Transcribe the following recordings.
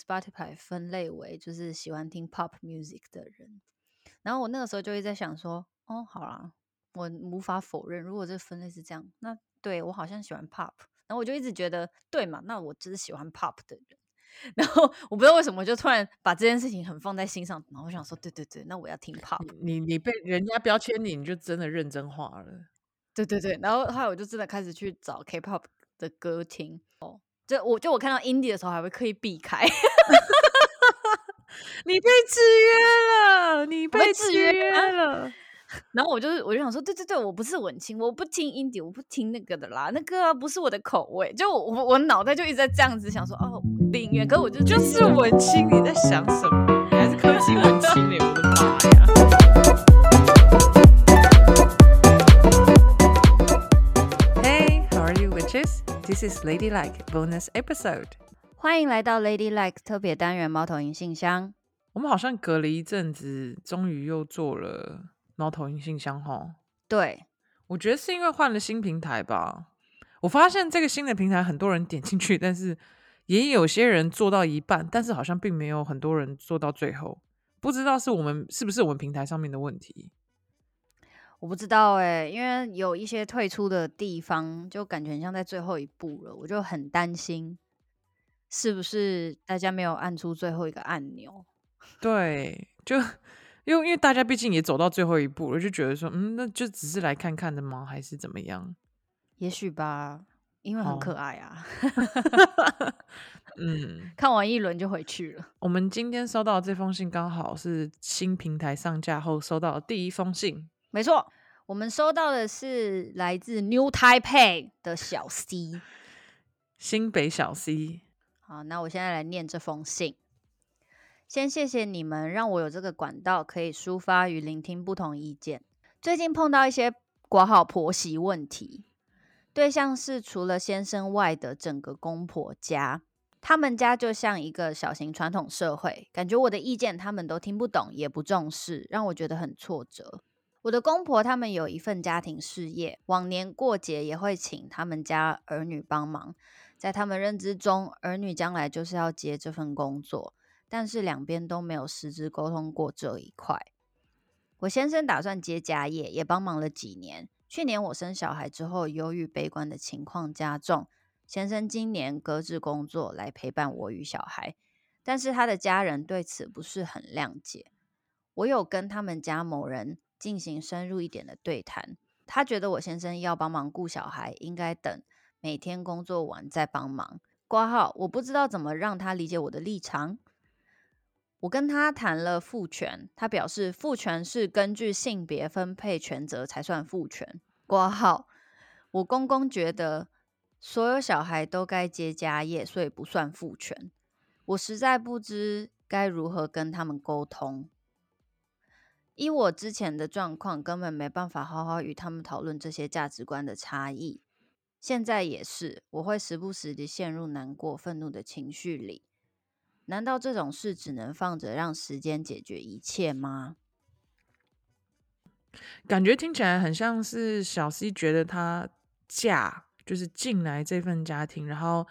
Spotify 分類為就是喜歡聽 pop music 的人，然後我那個時候就會在想說，哦，好啦，我無法否認，如果這分類是這樣，那對我好像喜歡 pop，然後我就一直覺得對嘛，那我就是喜歡 pop 的人，然後我不知道為什麼就突然把這件事情很放在心上，然後我想說，對對對，那我要聽 pop，你你被人家標籤你，你就真的認真化了，對對對，然後後來我就真的開始去找 K pop 的歌聽哦。就我就我看到 indie 的時候，還會刻意避開。 你被制約了，你被制約了。然後我就我就想說，對對對，我不是文青，我不聽 indie，我不聽那個的啦，那個、啊、不是我的口味。就我我腦袋就一直在這樣子想說，哦，音樂哥，可我就就是文青，你在想什麼？你還是科技文青嘞！我的媽呀！ This is Ladylike Bonus Episode。歡迎來到 Ladylike 特別單元《貓頭鷹信箱》。我們好像隔了一陣子，終於又做了貓頭鷹信箱哈。對，我覺得是因為換了新平台吧。我發現這個新的平台很多人點進去，但是也有些人做到一半，但是好像並沒有很多人做到最後。不知道是我們是不是我們平台上面的問題？我不知道哎、欸，因為有一些退出的地方，就感覺像在最後一步了，我就很擔心，是不是大家沒有按出最後一個按鈕？對，就因為因為大家畢竟也走到最後一步了，就覺得說，嗯，那就只是來看看的嗎？還是怎麼樣？也許吧，因為很可愛啊。Oh. 嗯，看完一輪就回去了。我們今天收到這封信，剛好是新平台上架後收到的第一封信。沒錯，我們收到的是來自 New Taipei 的小 C，新北小 C。好，那我現在來念這封信。先謝謝你們讓我有這個管道，可以抒發與聆聽不同意見。最近碰到一些管好婆媳問題，對象是除了先生外的整個公婆家。他們家就像一個小型傳統社會，感覺我的意見他們都聽不懂也不重視，讓我覺得很挫折。我的公婆他們有一份家庭事業，往年過節也會請他們家兒女幫忙。在他們認知中，兒女將來就是要接這份工作，但是兩邊都沒有實質溝通過這一塊。我先生打算接家業，也幫忙了幾年。去年我生小孩之後，憂鬱悲觀的情況加重，先生今年擱置工作來陪伴我與小孩，但是他的家人對此不是很諒解。我有跟他們家某人進行深入一點的對談，他覺得我先生要幫忙顧小孩，應該等每天工作完再幫忙掛號。我不知道怎麼讓他理解我的立場。我跟他談了父權，他表示父權是根據性別分配權責才算父權掛號。我公公覺得所有小孩都該接家業，所以不算父權。我實在不知該如何跟他們溝通。依我之前的狀況，根本沒辦法好好與他們討論這些價值觀的差異。現在也是，我會時不時的陷入難過、憤怒的情緒裡。難道這種事只能放着，讓時間解決一切嗎？感覺聽起來很像是小 C 覺得他嫁就是進來這份家庭，然後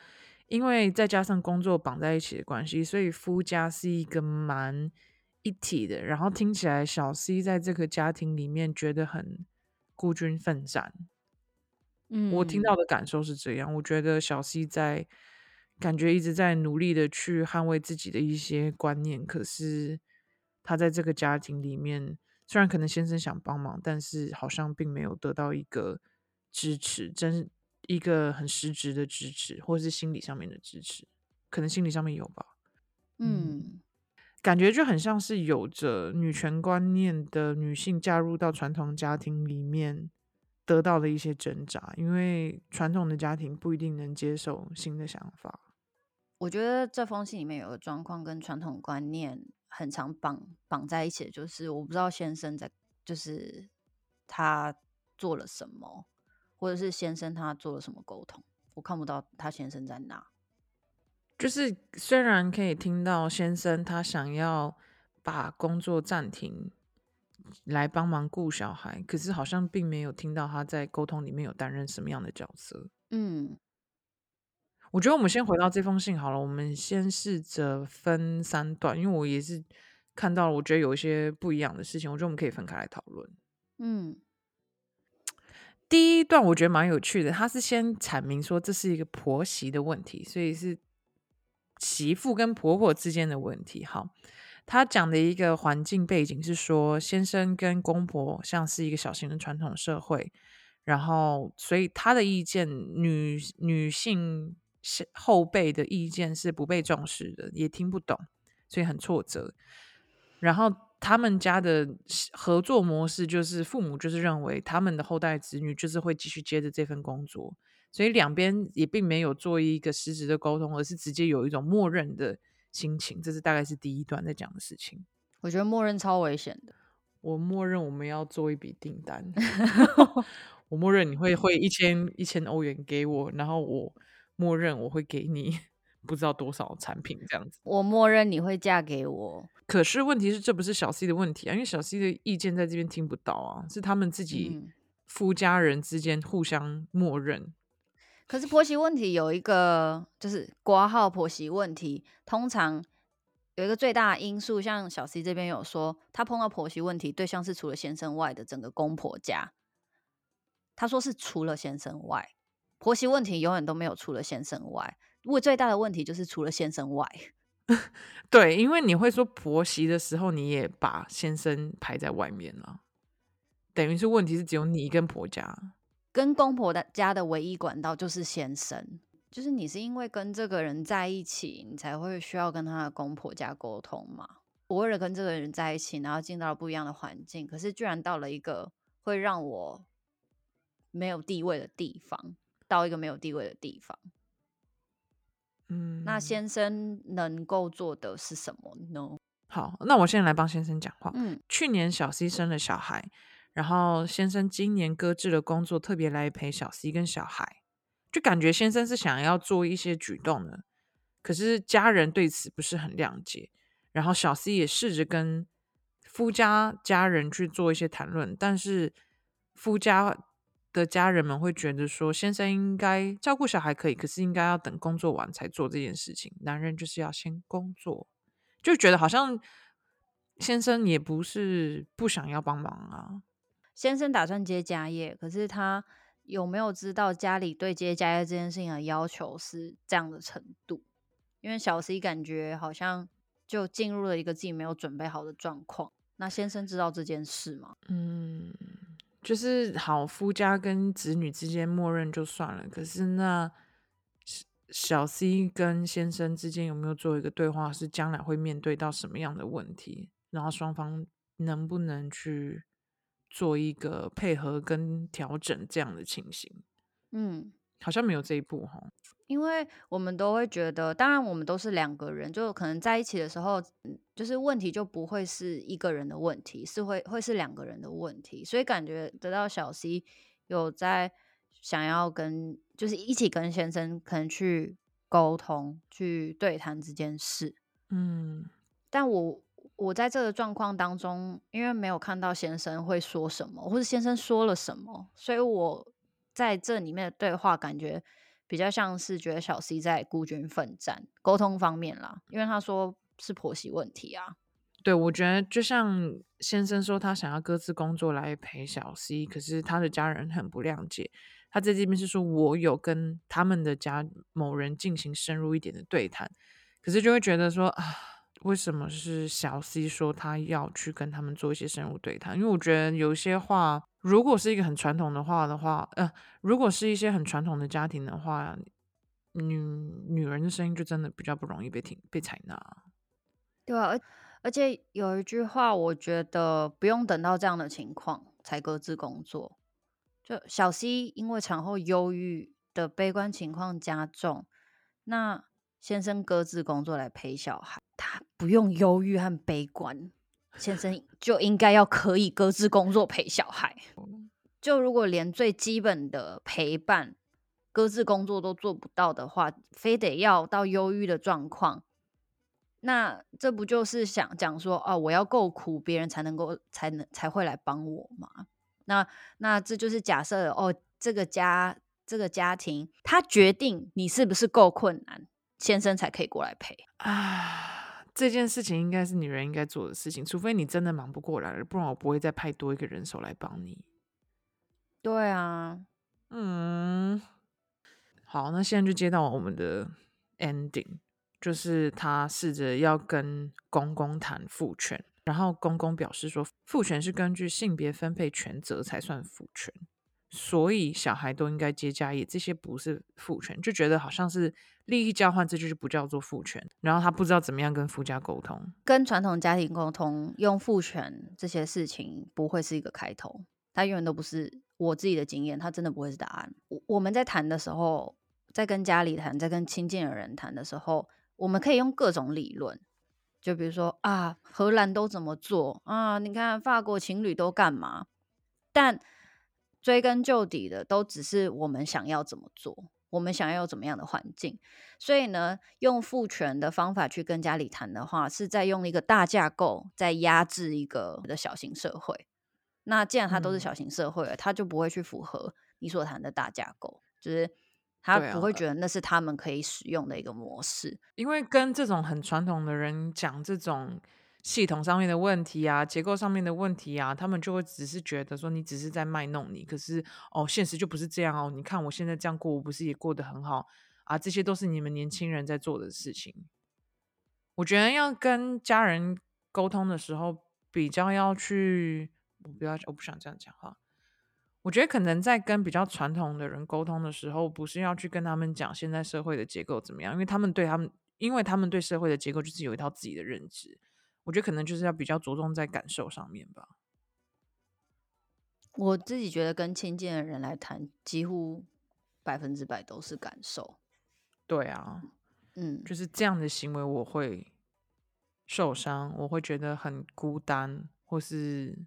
因為再加上工作綁在一起的關係，所以夫家是一個蠻。一體的，然後聽起來小 C 在這個家庭裡面覺得很孤軍奮戰。嗯，我聽到的感受是這樣，我覺得小 C 在感覺一直在努力的去捍衛自己的一些觀念，可是他在這個家庭裡面，雖然可能先生想幫忙，但是好像並沒有得到一個支持，真一個很實質的支持，或者是心理上面的支持，可能心理上面有吧。嗯。感覺就很像是有着女權觀念的女性嫁入到傳統家庭裡面得到的一些掙扎，因為傳統的家庭不一定能接受新的想法。我覺得這封信裡面有個狀況跟傳統觀念很常綁綁在一起，就是我不知道先生在，就是他做了什麼，或者是先生他做了什麼溝通，我看不到他先生在哪。就是雖然可以聽到先生他想要把工作暫停來幫忙顧小孩，可是好像並沒有聽到他在溝通裡面有擔任什麼樣的角色。嗯，我覺得我們先回到這封信好了，我們先試着分三段，因為我也是看到了，我覺得有一些不一樣的事情，我覺得我們可以分開來討論。嗯，第一段我覺得蠻有趣的，他是先闡明說這是一個婆媳的問題，所以是。媳婦跟婆婆之間的問題，好，他講的一個環境背景是說，先生跟公婆像是一個小型的傳統社會，然後所以他的意見，女女性後輩的意見是不被重視的，也聽不懂，所以很挫折。然後他們家的合作模式就是，父母就是認為他們的後代子女就是會繼續接着這份工作。所以兩邊也並沒有做一個實質的溝通，而是直接有一種默認的心情，這是大概是第一段在講的事情。我覺得默認超危險的。我默認我們要做一筆訂單， 我默認你會匯一千一千歐元給我，然後我默認我會給你不知道多少產品這樣子。我默認你會嫁給我。可是問題是這不是小 C 的問題啊，因為小 C 的意見在這邊聽不到啊，是他們自己夫家人之間互相默認。嗯可是婆媳問題有一個，就是掛號婆媳問題，通常有一個最大因素，像小 C 這邊有說，他碰到婆媳問題，對象是除了先生外的整個公婆家。他說是除了先生外，婆媳問題永遠都沒有除了先生外，如果最大的問題就是除了先生外。 對，因為你會說婆媳的時候，你也把先生排在外面了，等於是問題是只有你跟婆家。跟公婆家的唯一管道就是先生，就是你是因為跟這個人在一起，你才會需要跟他的公婆家溝通嘛。我為了跟這個人在一起，然後進到了不一樣的環境，可是居然到了一個會讓我沒有地位的地方，到一個沒有地位的地方。嗯，那先生能夠做的是什麼呢？好，那我現在來幫先生講話。嗯，去年小 C 生了小孩。然後先生今年擱置了工作，特別來陪小 C 跟小孩，就感覺先生是想要做一些舉動的。可是家人對此不是很諒解。然後小 C 也試着跟夫家家人去做一些談論，但是夫家的家人們會覺得說，先生應該照顧小孩可以，可是應該要等工作完才做這件事情。男人就是要先工作，就覺得好像先生也不是不想要幫忙啊。先生打算接家業，可是他有沒有知道家裡對接家業這件事情的要求是這樣的程度？因為小 C 感覺好像就進入了一個自己沒有準備好的狀況。那先生知道這件事嗎？嗯，就是好夫家跟子女之間默認就算了。可是那小 C 跟先生之間有沒有做一個對話，是將來會面對到什麼樣的問題，然後雙方能不能去。做一個配合跟調整這樣的情形，嗯，好像沒有這一步哈，因為我們都會覺得，當然我們都是兩個人，就可能在一起的時候，就是問題就不會是一個人的問題，是會會是兩個人的問題，所以感覺得到小溪有在想要跟，就是一起跟先生可能去溝通，去對談這件事，嗯，但我。我在這個狀況當中，因為沒有看到先生會說什麼，或者先生說了什麼，所以我在這裡面的對話感覺比較像是覺得小 C 在孤軍奮戰，溝通方面啦，因為他說是婆媳問題啊。對，我覺得就像先生說，他想要各自工作來陪小 C，可是他的家人很不諒解。他在這邊是說我有跟他們的家某人進行深入一點的對談，可是就會覺得說啊。為什麼是小 C 說他要去跟他們做一些深入對談？因為我覺得有些話，如果是一個很傳統的話的話，呃，如果是一些很傳統的家庭的話，女女人的聲音就真的比較不容易被聽、被採納。對啊，而而且有一句話，我覺得不用等到這樣的情況才擱置工作。就小 C 因為產後憂鬱的悲觀情況加重，那先生擱置工作來陪小孩，他不用憂鬱和悲觀，先生就應該要可以擱置工作陪小孩。就如果連最基本的陪伴、擱置工作都做不到的話，非得要到憂鬱的狀況，那這不就是想講說，哦，我要夠苦，別人才能夠、才能、才會來幫我嗎？那、那這就是假設哦，這個家、這個家庭，他決定你是不是夠困難，先生才可以過來陪啊。這件事情應該是女人應該做的事情，除非你真的忙不過來了，不然我不會再派多一個人手來幫你。對啊，嗯，好，那現在就接到我們的 ending，就是他試着要跟公公談父權，然後公公表示說父權是根據性別分配權責才算父權，所以小孩都應該接家業，這些不是父權，就覺得好像是。利益交換，這就是不叫做父權。然後他不知道怎麼樣跟夫家溝通，跟傳統家庭溝通，用父權這些事情不會是一個開頭。他永遠都不是，我自己的經驗，他真的不會是答案。我我們在談的時候，在跟家裡談，在跟親近的人談的時候，我們可以用各種理論，就比如說啊，荷蘭都怎麼做啊？你看法國情侶都幹嘛？但追根究底的，都只是我們想要怎麼做。我們想要有怎麼樣的環境？所以呢，用父權的方法去跟家裡談的話，是在用一個大架構在壓制一個的小型社會。那既然他都是小型社會了，他、嗯、就不會去符合你所談的大架構，就是他不會覺得那是他們可以使用的一個模式。嗯、因為跟這種很傳統的人講這種。系統上面的問題啊，結構上面的問題啊，他們就會只是覺得說你只是在賣弄你，可是哦，現實就不是這樣哦。你看我現在這樣過，我不是也過得很好啊？這些都是你們年輕人在做的事情。我覺得要跟家人溝通的時候，比較要去，我不要，我不想這樣講話。我覺得可能在跟比較傳統的人溝通的時候，不是要去跟他們講現在社會的結構怎麼樣，因為他們對他們，因為他們對社會的結構就是有一套自己的認知。我覺得可能就是要比較着重在感受上面吧。我自己覺得跟親近的人來談，幾乎百分之百都是感受。對啊，嗯，就是這樣的行為，我會受傷，我會覺得很孤單，或是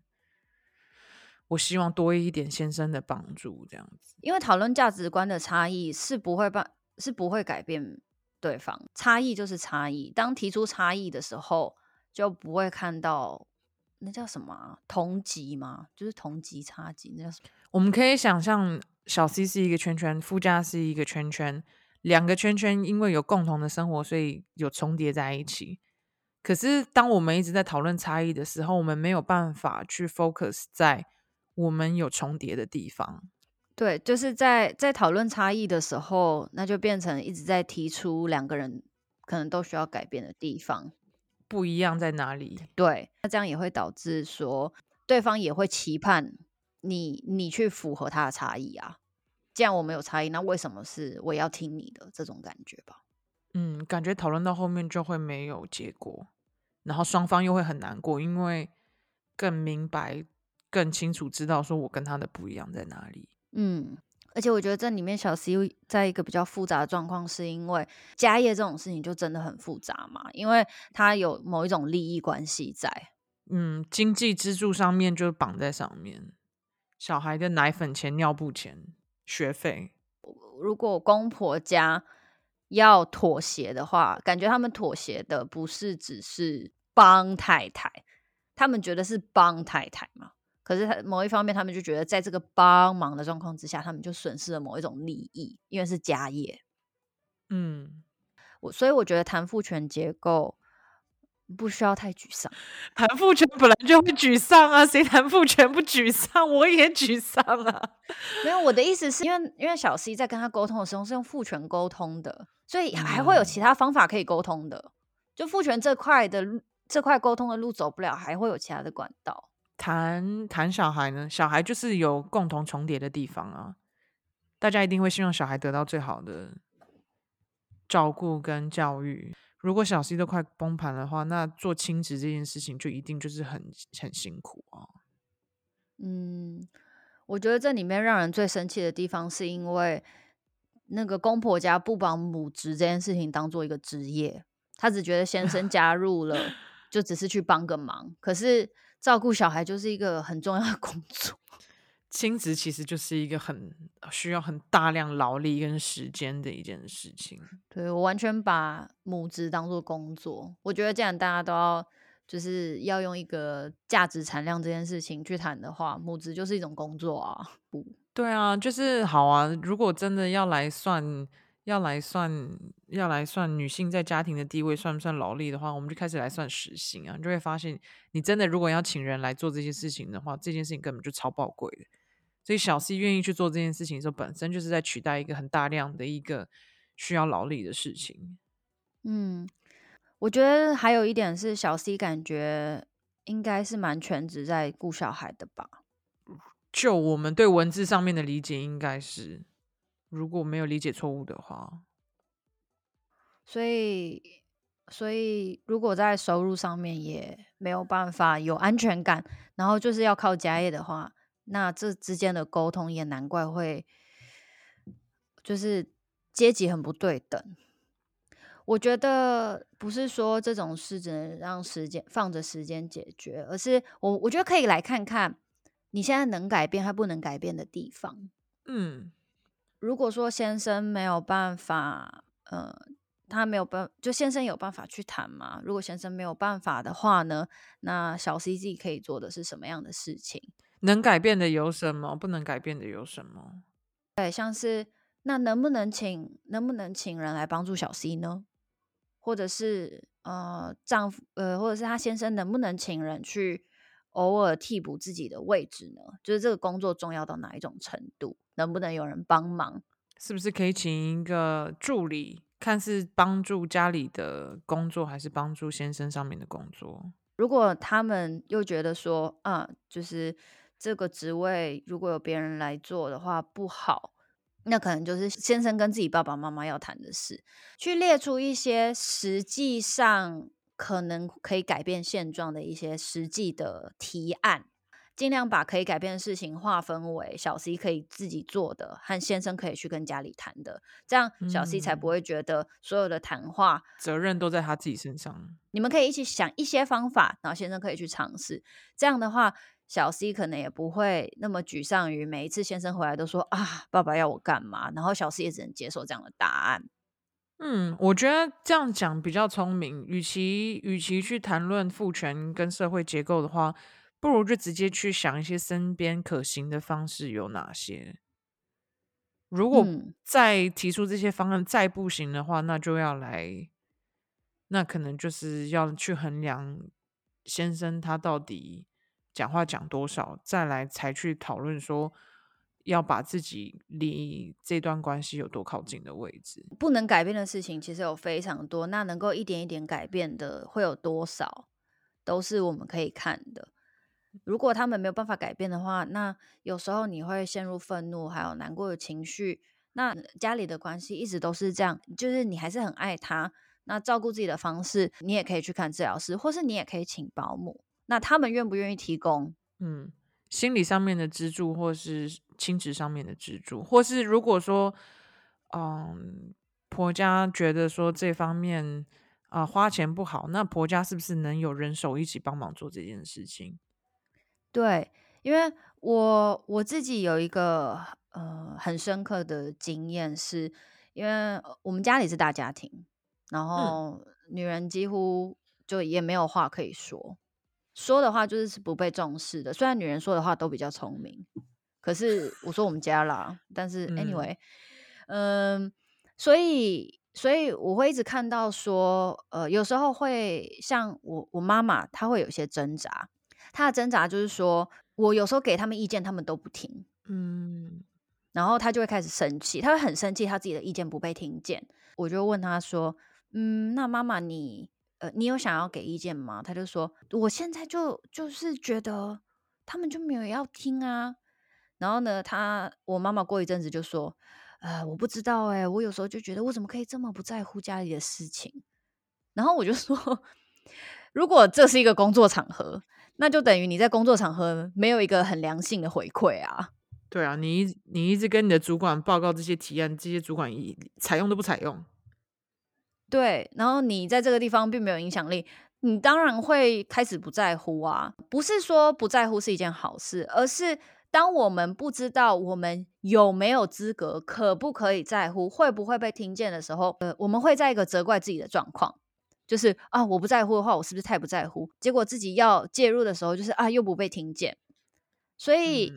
我希望多一點先生的幫助這樣子。因為討論價值觀的差異是不會變，是不會改變對方。差異就是差異。當提出差異的時候。就不會看到那叫什麼、啊、同級嘛，就是同級差級那叫什麼？我們可以想象，小 C 是一個圈圈，副駕是一個圈圈，兩個圈圈因為有共同的生活，所以有重疊在一起。可是，當我們一直在討論差異的時候，我們沒有辦法去 focus 在我們有重疊的地方。對，就是在在討論差異的時候，那就變成一直在提出兩個人可能都需要改變的地方。不一樣在哪裡？對，那這樣也會導致說，對方也會期盼你，你去符合他的差異啊。既然我們有差異，那為什麼是我要聽你的這種感覺吧？嗯，感覺討論到後面就會沒有結果，然後雙方又會很難過，因為更明白、更清楚知道說我跟他的不一樣在哪裡。嗯。而且我覺得這裡面小 C 在一個比較複雜的狀況，是因為家業這種事情就真的很複雜嘛，因為它有某一種利益關係在。嗯，經濟支柱上面就綁在上面，小孩的奶粉錢、尿布錢、學費。如果公婆家要妥協的話，感覺他們妥協的不是只是幫太太，他們覺得是幫太太嘛。可是他某一方面，他們就覺得在這個幫忙的狀況之下，他們就損失了某一種利益，因為是家業。嗯，我所以我覺得談父權結構不需要太沮喪。談父權本來就會沮喪啊，誰談父權不沮喪？我也沮喪啊。沒有，我的意思是因為因為小 C 在跟他溝通的時候是用父權溝通的，所以還會有其他方法可以溝通的。嗯，就父權這塊的這塊溝通的路走不了，還會有其他的管道。談談小孩呢？小孩就是有共同重疊的地方啊，大家一定會希望小孩得到最好的照顧跟教育。如果小 C 都快崩盤的話，那做親子這件事情就一定就是很很辛苦啊。嗯，我覺得這裡面讓人最生氣的地方，是因為那個公婆家不把母職這件事情當做一個職業，他只覺得先生加入了， 就只是去幫個忙，可是。照顧小孩就是一個很重要的工作。親職其實就是一個很需要很大量勞力跟時間的一件事情。對，我完全把母職當做工作，我覺得既然大家都要就是要用一個價值產量這件事情去談的話，母職就是一種工作啊，不？對啊，就是好啊。如果真的要來算。要來算，要來算女性在家庭的地位算不算勞力的話，我們就開始來算時薪啊，你就會發現，你真的如果要請人來做這些事情的話，這件事情根本就超寶貴的。所以小 C 願意去做這件事情的時候，本身就是在取代一個很大量的一個需要勞力的事情。嗯，我覺得還有一點是，小 C 感覺應該是蠻全職在顧小孩的吧？就我們對文字上面的理解，應該是。如果沒有理解錯誤的話，所以，所以如果在收入上面也沒有辦法有安全感，然後就是要靠家業的話，那這之間的溝通也難怪會，就是階級很不對等。我覺得不是說這種事只能讓時間放着時間解決，而是我我覺得可以來看看你現在能改變還不能改變的地方。嗯。如果說先生沒有辦法，呃，他沒有辦，就先生有辦法去談嘛，如果先生沒有辦法的話呢，那小 C 自己可以做的是什麼樣的事情？能改變的有什麼？不能改變的有什麼？對，像是，那能不能請，能不能請人來幫助小 C 呢？或者是呃，丈夫呃，或者是他先生能不能請人去？偶爾替補自己的位置呢？就是這個工作重要到哪一種程度？能不能有人幫忙？是不是可以請一個助理，看是幫助家裡的工作，還是幫助先生上面的工作？如果他們又覺得說，啊，就是這個職位如果有別人來做的話不好，那可能就是先生跟自己爸爸媽媽要談的事，去列出一些實際上。可能可以改變現狀的一些實際的提案，盡量把可以改變的事情劃分為小 C 可以自己做的和先生可以去跟家裡談的，這樣小 C 才不會覺得所有的談話、嗯、責任都在他自己身上。你們可以一起想一些方法，然後先生可以去嘗試。這樣的話，小 C 可能也不會那麼沮喪於每一次先生回來都說，啊，爸爸要我幹嘛，然後小 C 也只能接受這樣的答案。嗯，我覺得這樣講比較聰明。與其與其去談論父權跟社會結構的話，不如就直接去想一些身邊可行的方式有哪些。如果再提出這些方案再不行的話，那就要來，那可能就是要去衡量先生他到底講話講多少，再來才去討論說。要把自己離這段關係有多靠近的位置，不能改變的事情其實有非常多。那能夠一點一點改變的會有多少，都是我們可以看的。如果他們沒有辦法改變的話，那有時候你會陷入憤怒還有難過的情緒。那家裡的關係一直都是這樣，就是你還是很愛他。那照顧自己的方式，你也可以去看治療師，或是你也可以請保姆。那他們願不願意提供？嗯。心理上面的支柱，或是親職上面的支柱，或是如果說，嗯，婆家覺得說，這方面啊、呃、花錢不好，那婆家是不是能有人手一起幫忙做這件事情？對，因為我我自己有一個呃很深刻的經驗是，因為我們家裡是大家庭，然後女人幾乎就也沒有話可以說。說的話就是是不被重視的。雖然女人說的話都比較聰明，可是我說我們家啦。 但是 anyway，嗯，嗯，所以所以我會一直看到說，呃，有時候會像我我媽媽，她會有些掙扎。她的掙扎就是說我有時候給他們意見，他們都不聽。嗯，然後她就會開始生氣，她會很生氣，她自己的意見不被聽見。我就問她說，嗯，那媽媽你？呃，你有想要給意見嗎？他就說，我現在就就是覺得他們就沒有要聽啊。然後呢，他我媽媽過一陣子就說，呃，我不知道，哎，我有時候就覺得我怎麼可以這麼不在乎家裡的事情。然後我就說，如果這是一個工作場合，那就等於你在工作場合沒有一個很良性的回饋啊。對啊，你你一直跟你的主管報告這些提案，這些主管一，採用都不採用。對，然後你在這個地方並沒有影響力，你當然會開始不在乎啊，不是說不在乎是一件好事，而是當我們不知道我們有沒有資格，可不可以在乎，會不會被聽見的時候，呃，我們會在一個責怪自己的狀況，就是啊，我不在乎的話，我是不是太不在乎？結果自己要介入的時候，就是啊，又不被聽見，所以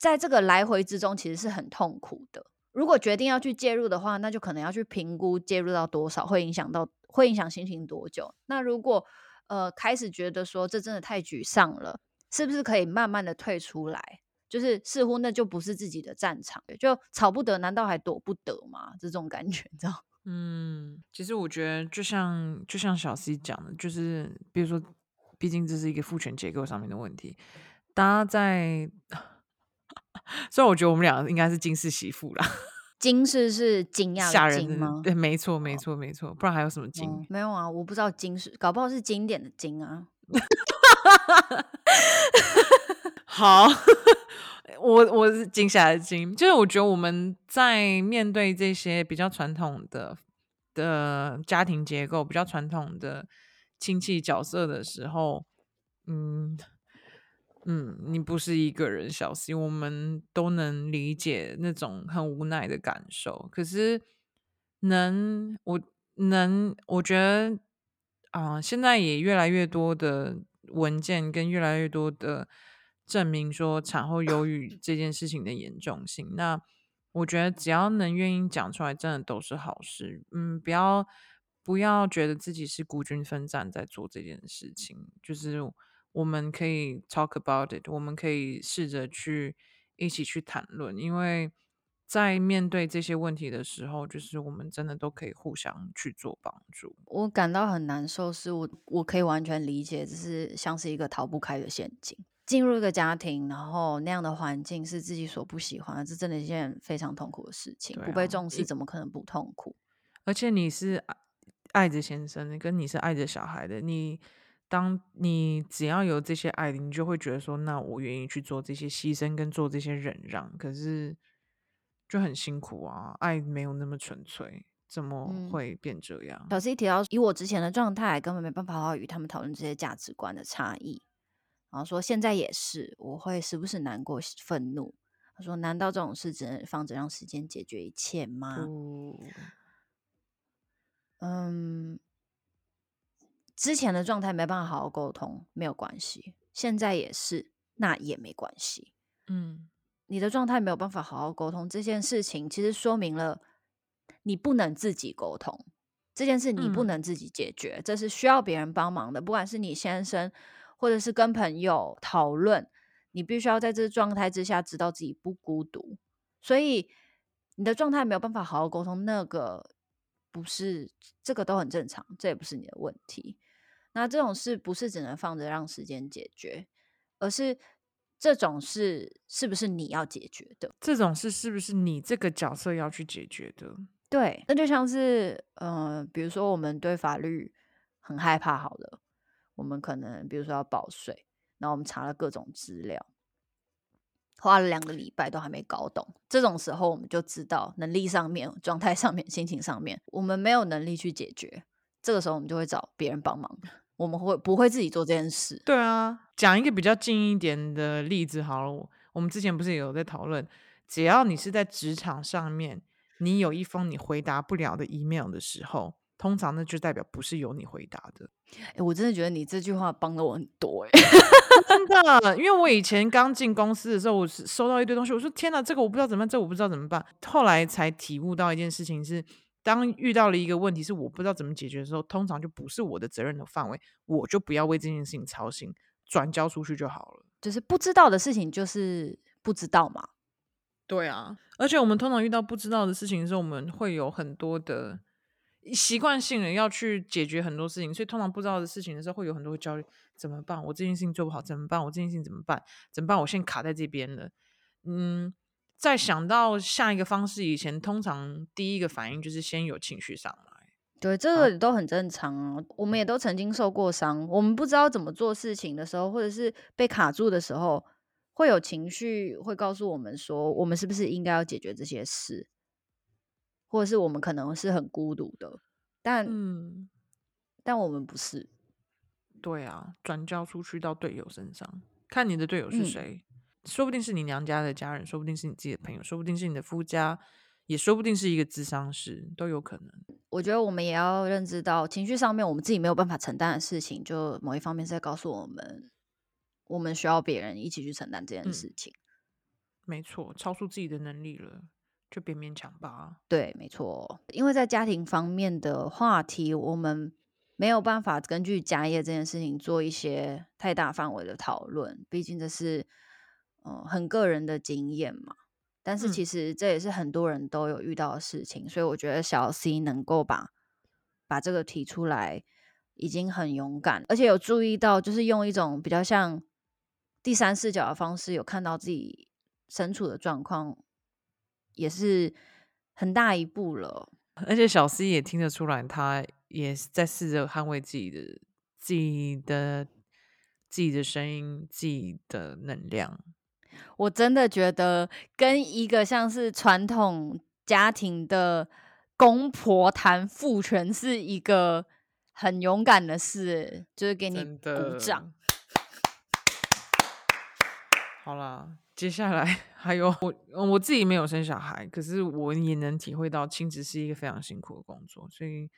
在這個來回之中，其實是很痛苦的。如果決定要去介入的話，那就可能要去評估介入到多少，會影響到，會影響心情多久。那如果呃開始覺得說這真的太沮喪了，是不是可以慢慢的退出來？就是似乎那就不是自己的戰場，就吵不得，難道還躲不得嗎？這種感覺，知道嗎？嗯，其實我覺得就像就像小 C 講的，就是比如說，畢竟這是一個父權結構上面的問題，大家在。所以我覺得我們倆應該是驚世媳婦啦。驚世是驚訝的驚嗎？嚇人，對，沒錯，沒錯,哦、沒錯，沒錯。不然還有什麼驚？嗯、沒有啊，我不知道驚世，搞不好是經典的經啊。 好，我我是驚嚇的驚。就是我覺得我們在面對這些比較傳統的的家庭結構、比較傳統的親戚角色的時候，嗯。嗯，你不是一個人，小 C，我們都能理解那種很無奈的感受。可是能，我能，我覺得啊、呃，現在也越來越多的文件跟越來越多的證明說產後憂鬱這件事情的嚴重性。那我覺得只要能願意講出來，真的都是好事。嗯，不要不要覺得自己是孤軍奮戰在做這件事情，就是。我們可以 talk about it，我們可以試着去一起去談論，因為在面對這些問題的時候，就是我們真的都可以互相去做幫助。我感到很難受，是我我可以完全理解，就是像是一個逃不開的陷阱，進入一個家庭，然後那樣的環境是自己所不喜歡的，這真的是一件非常痛苦的事情。不被重視，怎麼可能不痛苦、啊？而且你是愛着先生的，跟你是愛着小孩的，你。當你只要有這些愛，你就會覺得說，那我願意去做這些犧牲跟做這些忍讓，可是就很辛苦啊。愛沒有那麼純粹，怎麼會變這樣？嗯、小 C 一提到以我之前的狀態，根本沒辦法好與他們討論這些價值觀的差異。然後說現在也是，我會時不時難過、憤怒。他說，難道這種事只能放着讓時間解決一切嗎？不嗯。之前的狀態沒辦法好好溝通，沒有關係。現在也是，那也沒關係。嗯，你的狀態沒有辦法好好溝通，這件事情其實說明了你不能自己溝通，這件事你不能自己解決，嗯、這是需要別人幫忙的。不管是你先生，或者是跟朋友討論，你必須要在這個狀態之下，知道自己不孤獨。所以你的狀態沒有辦法好好溝通，那個，不是，這個都很正常，這也不是你的問題。那這種事不是只能放着讓時間解決，而是這種事是不是你要解決的？這種事是不是你這個角色要去解決的？對，那就像是嗯、呃，比如說我們對法律很害怕，好了，我們可能比如說要報稅，然後我們查了各種資料，花了兩個禮拜都還沒搞懂。這種時候我們就知道能力上面、狀態上面、心情上面，我們沒有能力去解決。這個時候我們就會找別人幫忙。我們會不會自己做這件事？對啊，講一個比較近一點的例子好了。我，我們之前不是也有在討論，只要你是在職場上面，你有一封你回答不了的 email 的時候，通常那就代表不是由你回答的。哎、欸，我真的覺得你這句話幫了我很多哎、欸， 真的，因為我以前剛進公司的時候，我收到一堆東西，我說天吶，這個我不知道怎麼辦，這個、我不知道怎麼辦。後來才體悟到一件事情是。當遇到了一個問題是我不知道怎麼解決的時候，通常就不是我的責任的範圍，我就不要為這件事情操心，轉交出去就好了。就是不知道的事情，就是不知道嘛。對啊，而且我們通常遇到不知道的事情的時候，我們會有很多的習慣性的要去解決很多事情，所以通常不知道的事情的時候，會有很多焦慮。怎麼辦？我這件事情做不好怎麼辦？我這件事情怎麼辦？怎麼辦？我現在卡在這邊了，嗯。在想到下一個方式以前，通常第一個反應就是先有情緒上來。對，這個都很正常啊。啊，我們也都曾經受過傷，我們不知道怎麼做事情的時候，或者是被卡住的時候，會有情緒會告訴我們說，我們是不是應該要解決這些事，或者是我們可能是很孤獨的，但，嗯、但我們不是。對啊，轉交出去到隊友身上，看你的隊友是誰。嗯說不定是你娘家的家人，說不定是你自己的朋友，說不定是你的夫家，也說不定是一個諮商師，都有可能。我覺得我們也要認知到，情緒上面我們自己沒有辦法承擔的事情，就某一方面是在告訴我們，我們需要別人一起去承擔這件事情。嗯，沒錯，超出自己的能力了，就別勉強吧。對，沒錯，因為在家庭方面的話題，我們沒有辦法根據家業這件事情做一些太大範圍的討論，畢竟這是。嗯，很個人的經驗嘛，但是其實這也是很多人都有遇到的事情，嗯，所以我覺得小 C 能夠把把這個提出來，已經很勇敢，而且有注意到，就是用一種比較像第三視角的方式，有看到自己身處的狀況，也是很大一步了。而且小 C 也聽得出來，他也在試着捍衛自己的、自己的、自己的聲音、自己的能量。我真的覺得跟一個像是傳統家庭的公婆談父權是一個很勇敢的事欸，就是給你鼓掌。好啦，接下來還有我，我自己沒有生小孩，可是我也能體會到親子是一個非常辛苦的工作，所以，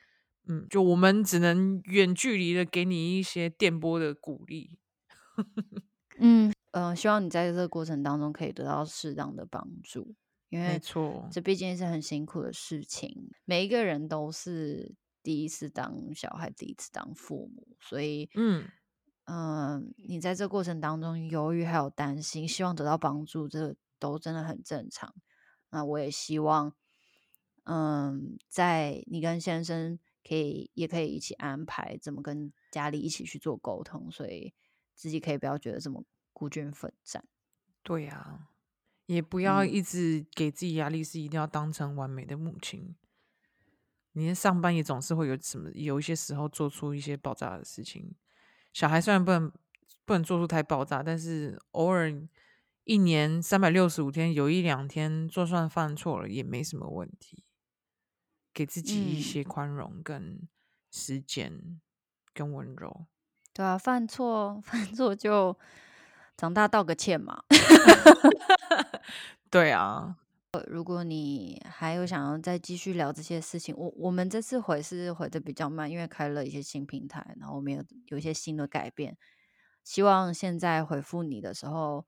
嗯，就我們只能遠距離的給你一些電波的鼓勵。 嗯。嗯、呃，希望你在這個過程當中可以得到適當的幫助，因為沒錯，這畢竟是很辛苦的事情。每一個人都是第一次當小孩，第一次當父母，所以，嗯嗯、呃，你在這個過程當中猶豫還有擔心，希望得到幫助，這都真的很正常。那我也希望，嗯、呃，在你跟先生可以也可以一起安排怎麼跟家裡一起去做溝通，所以自己可以不要覺得這麼。孤軍奮戰，對呀、啊，也不要一直給自己壓力，是一定要當成完美的母親。你上班也總是會有什麼，有一些時候做出一些爆炸的事情。小孩雖然不能不能做出太爆炸，但是偶爾一年三百六十五天有一兩天就算犯錯了也沒什麼問題。給自己一些寬容、跟時間、跟溫柔。對啊，犯錯犯錯就。長大道個歉嘛 對啊。如果你還有想要再繼續聊這些事情，我我們這次回是回得比較慢，因為開了一些新平台，然後我們有有一些新的改變。希望現在回復你的時候，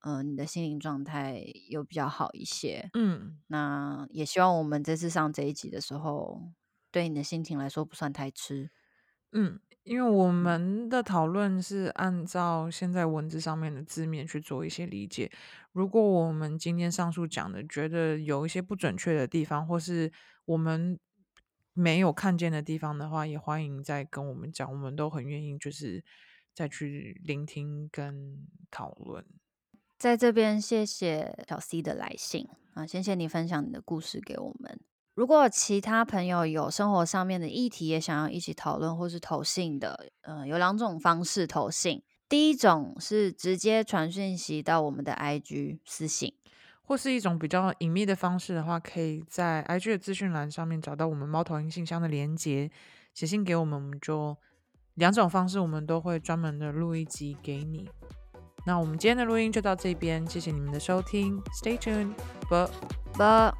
嗯、呃，你的心靈狀態又比較好一些。嗯，那也希望我們這次上這一集的時候，對你的心情來說不算太遲。嗯。因為我們的討論是按照現在文字上面的字面去做一些理解。如果我們今天上述講的覺得有一些不準確的地方，或是我們沒有看見的地方的話，也歡迎再跟我們講，我們都很願意就是再去聆聽跟討論。在這邊，謝謝小 C 的來信啊，謝謝你分享你的故事給我們。如果其他朋友有生活上面的議題也想要一起討論或是投信的，嗯、呃，有兩種方式投信。第一種是直接傳訊息到我們的 IG 私信，或是一種比較隱秘的方式的話，可以在 IG 的資訊欄上面找到我們貓頭鷹信箱的連接，寫信給我們，我們就兩種方式，我們都會專門的錄一集給你。那我們今天的錄音就到這邊，謝謝你們的收聽，Stay tuned，啵啵。